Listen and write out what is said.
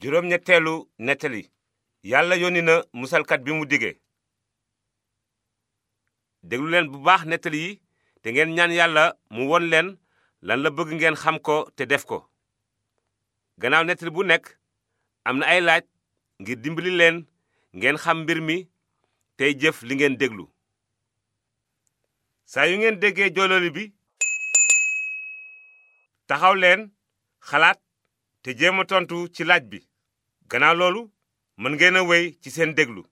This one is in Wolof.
juróom ñetteelu nettali yàlla yónni na musalkat bi mu dige déglu leen bu baax nettali yi te ngeen ñaan yàlla mu won leen lan la bëgg ngeen xam ko te def ko gannaaw nettali bu nekk am na ay laaj ngir dimbali leen ngeen xam mbir mi tey jëf li ngeen déglu saa yu ngeen déggee joololi bi taxaw leen xalaat te jéem tontu ci laaj bi gannaaw loolu mën ngeen a wéy ci seen déglu